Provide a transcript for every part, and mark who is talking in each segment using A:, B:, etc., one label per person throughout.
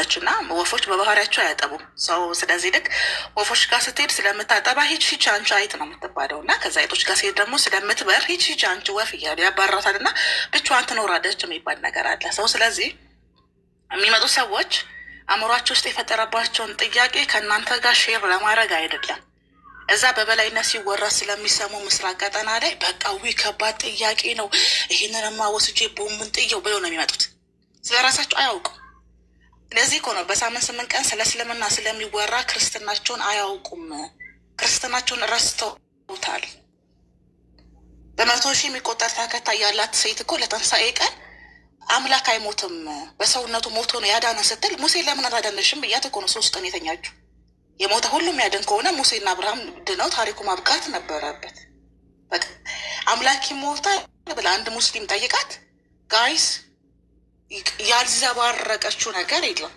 A: ነች እና ወፎች በባህሪያቸው አያጠቡም ሰው። ስለዚህ ልክ ወፎች ጋር ስትሄድ ስለምታጠባ ሂች ሂች አንቺ አይጥ ነው የምትባለው እና ከዛ አይጦች ጋር ስትሄድ ደግሞ ስለምትበር ሂች ሂች አንቺ ወፍ እያሉ ያባራታል እና ብቻዋን ትኖራለች የሚባል ነገር አለ ሰው። ስለዚህ የሚመጡ ሰዎች አእምሯቸው ውስጥ የፈጠረባቸውን ጥያቄ ከእናንተ ጋር ሼር ለማድረግ አይደለም። እዛ በበላይነት ሲወራ ስለሚሰሙ ምስራቅ ቀጠና ላይ በቃ ዊ ከባድ ጥያቄ ነው፣ ይህንንማ ወስጄ ቦምን ጥየው ብለው ነው የሚመጡት። ስለራሳቸው አያውቁም። ለዚህ እኮ ነው በሳምንት ስምንት ቀን ስለ እስልምና ስለሚወራ ክርስትናቸውን አያውቁም። ክርስትናቸውን ረስተውታል። በመቶ ሺህ የሚቆጠር ተከታይ ያላት ሴት እኮ ለተንሳኤ ቀን አምላክ አይሞትም በሰውነቱ ሞቶ ነው ያዳነ ስትል ሙሴ ለምን አላዳነሽም ብያት እኮ ነው ሶስት ቀን የተኛችሁ። የሞተ ሁሉም ያድን ከሆነ ሙሴና አብርሃም ድነው ታሪኩ ማብቃት ነበረበት። አምላክ ይሞታል ብለ አንድ ሙስሊም ጠይቃት ጋይስ ያልዘባረቀችው ነገር የለም።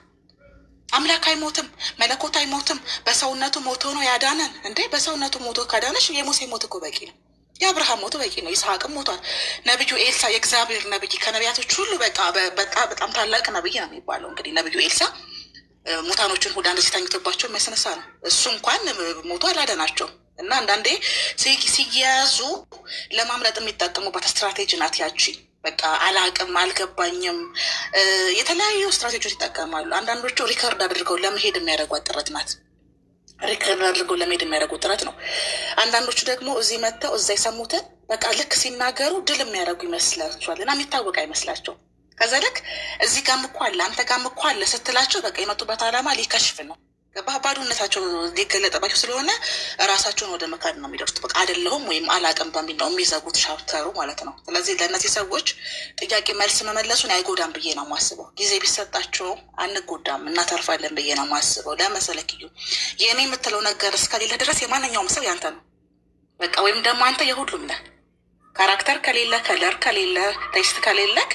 A: አምላክ አይሞትም፣ መለኮት አይሞትም። በሰውነቱ ሞቶ ነው ያዳነን። እንዴ በሰውነቱ ሞቶ ከዳነች የሙሴ ሞት እኮ በቂ ነው። የአብርሃም ሞቱ በቂ ነው። ይስሐቅም ሞቷል። ነብዩ ኤልሳ የእግዚአብሔር ነብይ ከነቢያቶች ሁሉ በቃ በጣም ታላቅ ነብይ ነው የሚባለው። እንግዲህ ነብዩ ኤልሳ ሙታኖችን ሁዳ እንደዚህ ተኝቶባቸው የሚያስነሳ ነው። እሱ እንኳን ሞቶ አላዳናቸውም። እና አንዳንዴ ሲያያዙ ለማምለጥ የሚጠቀሙባት ስትራቴጂ ናት ያቺ። በቃ አላቅም አልገባኝም። የተለያዩ ስትራቴጂዎች ይጠቀማሉ። አንዳንዶቹ ሪከርድ አድርገው ለመሄድ የሚያደርጓት ጥረት ናት። ሪከርድ አድርገው ለመሄድ የሚያደርጉት ጥረት ነው። አንዳንዶቹ ደግሞ እዚህ መጥተው እዛ የሰሙትን በቃ ልክ ሲናገሩ ድል የሚያደርጉ ይመስላቸዋል እና የሚታወቅ አይመስላቸው። ከዛ ልክ እዚህ ጋም እኮ አለ አንተ ጋም አለ ስትላቸው በቃ የመጡበት አላማ ሊከሽፍ ነው። ባዶነታቸው ሊገለጠባቸው ስለሆነ ራሳቸውን ወደ መካድ ነው የሚደርሱት። በቃ አይደለሁም ወይም አላቅም በሚል ነው የሚዘጉት ሻፕተሩ ማለት ነው። ስለዚህ ለእነዚህ ሰዎች ጥያቄ መልስ መመለሱን አይጎዳም ብዬ ነው ማስበው። ጊዜ ቢሰጣቸው አንጎዳም እናተርፋለን ብዬ ነው ማስበው። ለመሰለህ ኪዩ የእኔ የምትለው ነገር እስከሌለ ድረስ የማንኛውም ሰው ያንተ ነው በቃ ወይም ደግሞ አንተ የሁሉም ነህ። ካራክተር ከሌለ፣ ከለር ከሌለ፣ ቴስት ከሌለክ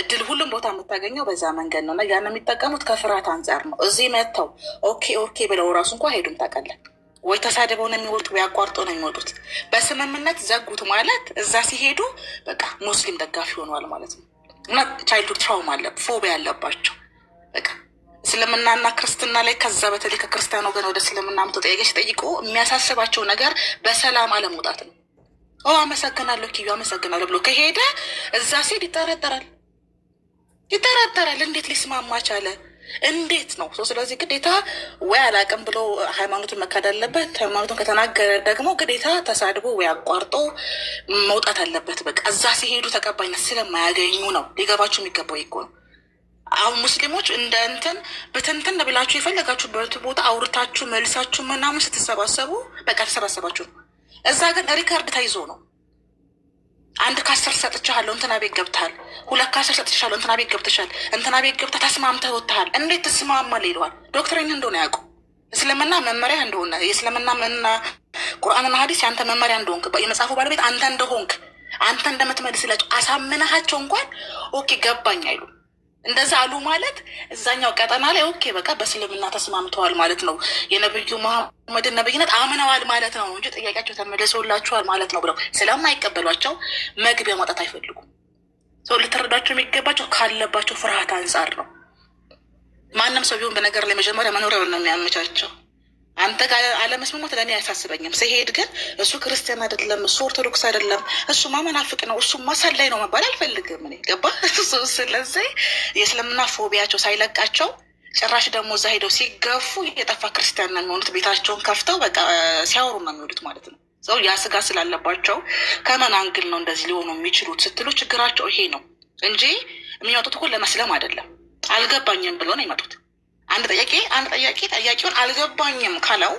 A: እድል ሁሉም ቦታ የምታገኘው በዛ መንገድ ነው እና ያን የሚጠቀሙት ከፍርሃት አንጻር ነው። እዚህ መጥተው ኦኬ ኦኬ ብለው ራሱ እንኳ ሄዱም ታውቃለህ ወይ ተሳድበው ነው የሚወጡ ወይ አቋርጠው ነው የሚወጡት። በስምምነት ዘጉት ማለት እዛ ሲሄዱ በቃ ሙስሊም ደጋፊ ሆነዋል ማለት ነው እና ቻይልዱ ትራውማ አለ ፎቢያ ያለባቸው በቃ እስልምናና ክርስትና ላይ ከዛ በተለይ ከክርስቲያን ወገን ወደ እስልምና ምቶ ሲጠይቁ የሚያሳስባቸው ነገር በሰላም አለመውጣት ነው። አመሰግናለሁ ኪዩ አመሰግናለሁ ብሎ ከሄደ እዛ ሴት ይጠረጠራል ይጠረጠራል። እንዴት ሊስማማ ቻለ? እንዴት ነው? ስለዚህ ግዴታ ወይ አላቅም ብሎ ሃይማኖቱን መካድ አለበት። ሃይማኖቱን ከተናገረ ደግሞ ግዴታ ተሳድቦ ወይ አቋርጦ መውጣት አለበት። በቃ እዛ ሲሄዱ ተቀባይነት ስለማያገኙ ነው። ሊገባችሁ የሚገባው ይኮ ነው። አሁን ሙስሊሞች እንደ እንትን ብትንትን ብላችሁ የፈለጋችሁበት ቦታ አውርታችሁ መልሳችሁ ምናምን ስትሰባሰቡ በቃ ተሰባሰባችሁ ነው እዛ ግን ሪከርድ ተይዞ ነው። አንድ ከአስር ሰጥቻለሁ፣ እንትና ቤት ገብተሃል። ሁለት ከአስር ሰጥቻለሁ፣ እንትና ቤት ገብተሻል፣ እንትና ቤት ገብተህ ተስማምተህ ወጥተሃል። እንዴት ትስማማለህ ይለዋል። ዶክትሪን እንደሆነ ያውቁ እስልምና መመሪያ እንደሆነ የእስልምና መና ቁርአንና ሀዲስ የአንተ መመሪያ እንደሆንክ የመጽሐፉ ባለቤት አንተ እንደሆንክ አንተ እንደምትመልስላቸው አሳምነሃቸው እንኳን ኦኬ ገባኝ አይሉ እንደዛ አሉ ማለት እዛኛው ቀጠና ላይ ኦኬ በቃ በእስልምና ተስማምተዋል ማለት ነው። የነብዩ መሐመድን ነብይነት አምነዋል ማለት ነው እንጂ ጥያቄያቸው ተመልሶላቸዋል ማለት ነው ብለው ስለማይቀበሏቸው መግቢያ መውጣት አይፈልጉም። ሰው ልትረዳቸው የሚገባቸው ካለባቸው ፍርሃት አንጻር ነው። ማንም ሰው ቢሆን በነገር ላይ መጀመሪያ መኖሪያውን ነው የሚያመቻቸው። አንተ ጋር አለመስማማት ለእኔ አያሳስበኝም። ስሄድ ግን እሱ ክርስቲያን አይደለም፣ እሱ ኦርቶዶክስ አይደለም፣ እሱ ማመናፍቅ ነው፣ እሱ ማሰላይ ነው መባል አልፈልግም። እኔ ገባ። ስለዚህ የእስልምና ፎቢያቸው ሳይለቃቸው ጭራሽ ደግሞ እዛ ሄደው ሲገፉ የጠፋ ክርስቲያን ነው የሚሆኑት። ቤታቸውን ከፍተው በቃ ሲያወሩ ነው የሚወዱት ማለት ነው። ሰው ያ ስጋ ስላለባቸው ከመን አንግል ነው እንደዚህ ሊሆኑ የሚችሉት ስትሉ ችግራቸው ይሄ ነው እንጂ የሚመጡት እኮ ለመስለም አይደለም። አልገባኝም ብሎ ነው ይመጡት። አንድ ጥያቄ አንድ ጥያቄ ጥያቄውን አልገባኝም ካለው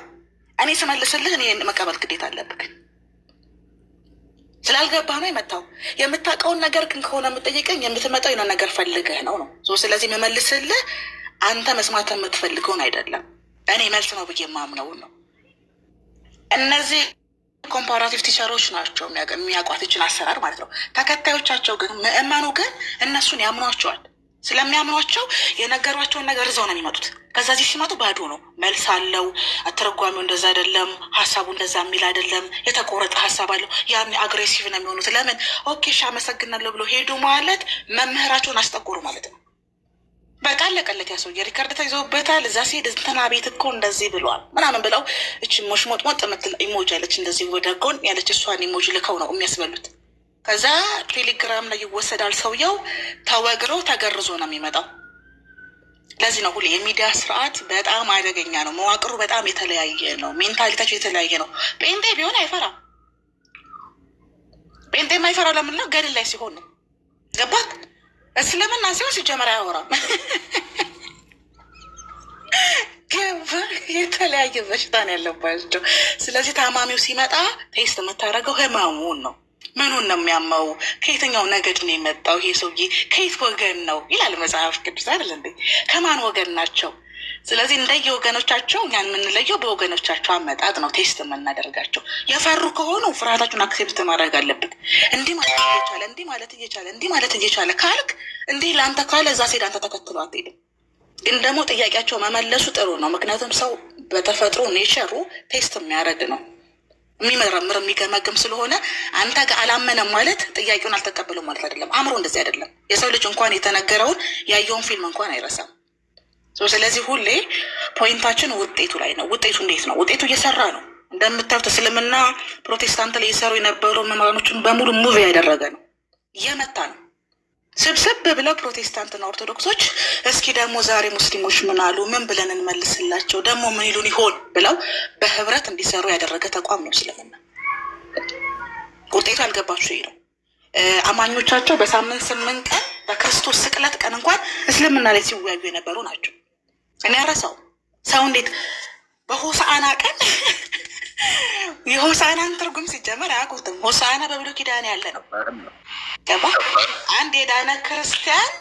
A: እኔ ስመልስልህ እኔ መቀበል ግዴታ አለብህ። ስላልገባህ ነው የመታው የምታውቀውን ነገር ግን ከሆነ የምጠይቀኝ የምትመጣው የሆነ ነገር ፈልገህ ነው ነው። ስለዚህ መመልስልህ አንተ መስማት የምትፈልገውን አይደለም፣ እኔ መልስ ነው ብዬ የማምነውን ነው። እነዚህ ኮምፓራቲቭ ቲቸሮች ናቸው የሚያውቋት ይችን አሰራር ማለት ነው። ተከታዮቻቸው ግን ምእመኑ ግን እነሱን ያምኗቸዋል። ስለሚያምኗቸው የነገሯቸውን ነገር እዛው ነው የሚመጡት። ከዛ እዚህ ሲመጡ ባዶ ነው፣ መልስ አለው። አተረጓሚው እንደዛ አይደለም፣ ሀሳቡ እንደዛ የሚል አይደለም፣ የተቆረጠ ሀሳብ አለው። ያን አግሬሲቭ ነው የሚሆኑት። ለምን ኦኬ ሺ አመሰግናለሁ ብሎ ሄዱ ማለት መምህራቸውን አስጠቆሩ ማለት ነው። በቃ አለቀለት። ያ ሰውዬ ሪከርድ ተይዞበታል። እዛ ሲሄድ እንትና ቤት እኮ እንደዚህ ብለዋል ምናምን ብለው እች ሞሽሞጥሞጥ የምትል ኢሞጅ አለች፣ እንደዚህ ወደ ጎን ያለች እሷን ኢሞጅ ልከው ነው የሚያስበሉት። ከዛ ቴሌግራም ላይ ይወሰዳል። ሰውየው ተወግሮ ተገርዞ ነው የሚመጣው። ለዚህ ነው ሁሌ የሚዲያ ስርዓት በጣም አደገኛ ነው። መዋቅሩ በጣም የተለያየ ነው። ሜንታሊታቸው የተለያየ ነው። ጴንጤ ቢሆን አይፈራም። ጴንጤ የማይፈራው ለምን ነው? ገድል ላይ ሲሆን ነው። ገባት እስልምና ሲሆን ሲጀመር አያወራም። የተለያየ በሽታ ነው ያለባቸው። ስለዚህ ታማሚው ሲመጣ ቴስት የምታደርገው ህመሙን ነው ምኑን ነው የሚያመው ከየትኛው ነገድ ነው የመጣው ይሄ ሰውዬ? ከየት ወገን ነው ይላል መጽሐፍ ቅዱስ አይደል እንዴ? ከማን ወገን ናቸው? ስለዚህ እንደየ ወገኖቻቸው እኛን የምንለየው በወገኖቻቸው አመጣጥ ነው ቴስት የምናደርጋቸው። የፈሩ ከሆኑ ፍርሃታችሁን አክሴፕት ማድረግ አለብን። እንዲህ ማለት እየቻለ እንዲህ ማለት እየቻለ እንዲህ ማለት እየቻለ ካልክ እንዲህ ለአንተ ካለ እዛ ሴድ አንተ ተከትሎ አትሄድም። ግን ደግሞ ጥያቄያቸው መመለሱ ጥሩ ነው። ምክንያቱም ሰው በተፈጥሮ ኔቸሩ ቴስት የሚያደርግ ነው። የሚመረምር የሚገመግም ስለሆነ አንተ ጋር አላመነም ማለት ጥያቄውን አልተቀበለም ማለት አይደለም። አእምሮ እንደዚህ አይደለም። የሰው ልጅ እንኳን የተነገረውን ያየውን ፊልም እንኳን አይረሳም። ስለዚህ ሁሌ ፖይንታችን ውጤቱ ላይ ነው። ውጤቱ እንዴት ነው? ውጤቱ እየሰራ ነው። እንደምታዩት እስልምና ፕሮቴስታንት ላይ የሰሩ የነበሩ መምህራኖችን በሙሉ ሙቪ ያደረገ ነው፣ እየመታ ነው። ስብስብ ብለው ፕሮቴስታንትና ኦርቶዶክሶች እስኪ ደግሞ ዛሬ ሙስሊሞች ምን አሉ፣ ምን ብለን እንመልስላቸው፣ ደግሞ ምን ይሉን ይሆን ብለው በህብረት እንዲሰሩ ያደረገ ተቋም ነው እስልምና። ውጤቱ ያልገባችሁ ይህ ነው። አማኞቻቸው በሳምንት ስምንት ቀን በክርስቶስ ስቅለት ቀን እንኳን እስልምና ላይ ሲወያዩ የነበሩ ናቸው። እኔ ያረሳው ሰው እንዴት በሆሳአና ቀን የሆሳአናን ትርጉም ሲጀመር አያውቁትም። ሆሳአና በብሎ ኪዳን ያለ ነው ገባ አንድ የዳነ ክርስቲያን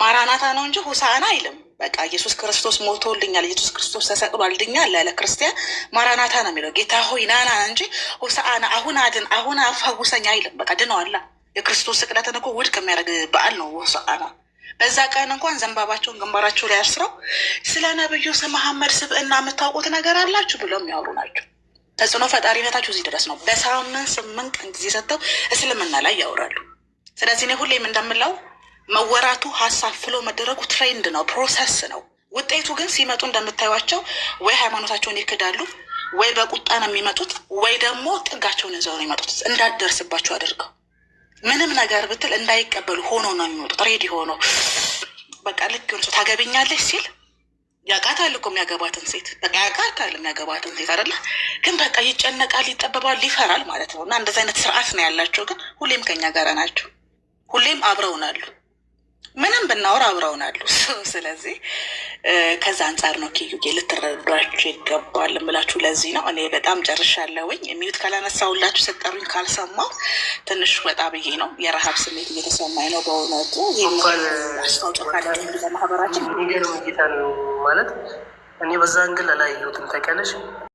A: ማራናታ ነው እንጂ ሆሳዕና አይልም። በቃ ኢየሱስ ክርስቶስ ሞቶልኛል፣ ኢየሱስ ክርስቶስ ተሰቅሏል፣ ድኛል ያለ ክርስቲያን ማራናታ ነው የሚለው። ጌታ ሆይ ናና እንጂ ሆሳዕና አሁን አድን፣ አሁን አፈውሰኝ አይልም። በቃ ድነዋላ። የክርስቶስ ስቅለትን እኮ ውድቅ የሚያደርግ በዓል ነው ሆሳዕና። በዛ ቀን እንኳን ዘንባባቸውን ግንባራቸው ላይ አስረው ስለ ነብዩ ስለ መሐመድ ስብዕና የምታውቁት ነገር አላችሁ ብለው የሚያወሩ ናቸው። ተጽዕኖ ፈጣሪነታችሁ እዚህ ድረስ ነው። በሳምንት ስምንት ቀን ጊዜ ሰጥተው እስልምና ላይ ያወራሉ። ስለዚህ እኔ ሁሌም እንደምለው መወራቱ ሀሳብ ፍሎ መደረጉ ትሬንድ ነው፣ ፕሮሰስ ነው። ውጤቱ ግን ሲመጡ እንደምታዩቸው ወይ ሃይማኖታቸውን ይክዳሉ፣ ወይ በቁጣ ነው የሚመጡት፣ ወይ ደግሞ ጥጋቸውን ይዘው ነው የሚመጡት። እንዳትደርስባቸው አድርገው ምንም ነገር ብትል እንዳይቀበሉ ሆኖ ነው የሚመጡት። ሬዲ ሆኖ በቃ ልክ ሆነ ታገብኛለች ሲል ያውቃታል እኮ የሚያገባትን ሴት በቃ ያውቃታል የሚያገባትን ሴት አደለ። ግን በቃ ይጨነቃል፣ ይጠበባል፣ ይፈራል ማለት ነው። እና እንደዚህ አይነት ስርዓት ነው ያላቸው፣ ግን ሁሌም ከኛ ጋር ናቸው። ሁሌም አብረውን አሉ። ምንም ብናወር አብረውን አሉ። ስለዚህ ከዛ አንጻር ነው ኪዩጌ ልትረዷቸው ይገባል ምላችሁ ለዚህ ነው። እኔ በጣም ጨርሻለሁኝ። ሚዩት ካላነሳሁላችሁ ስጠሩኝ ካልሰማሁ ትንሽ ወጣ ብዬ ነው። የረሃብ ስሜት እየተሰማኝ ነው በእውነቱ። ማህበራችን
B: ካለ ማለት እኔ በዛ እንግል ላይ ህይወትን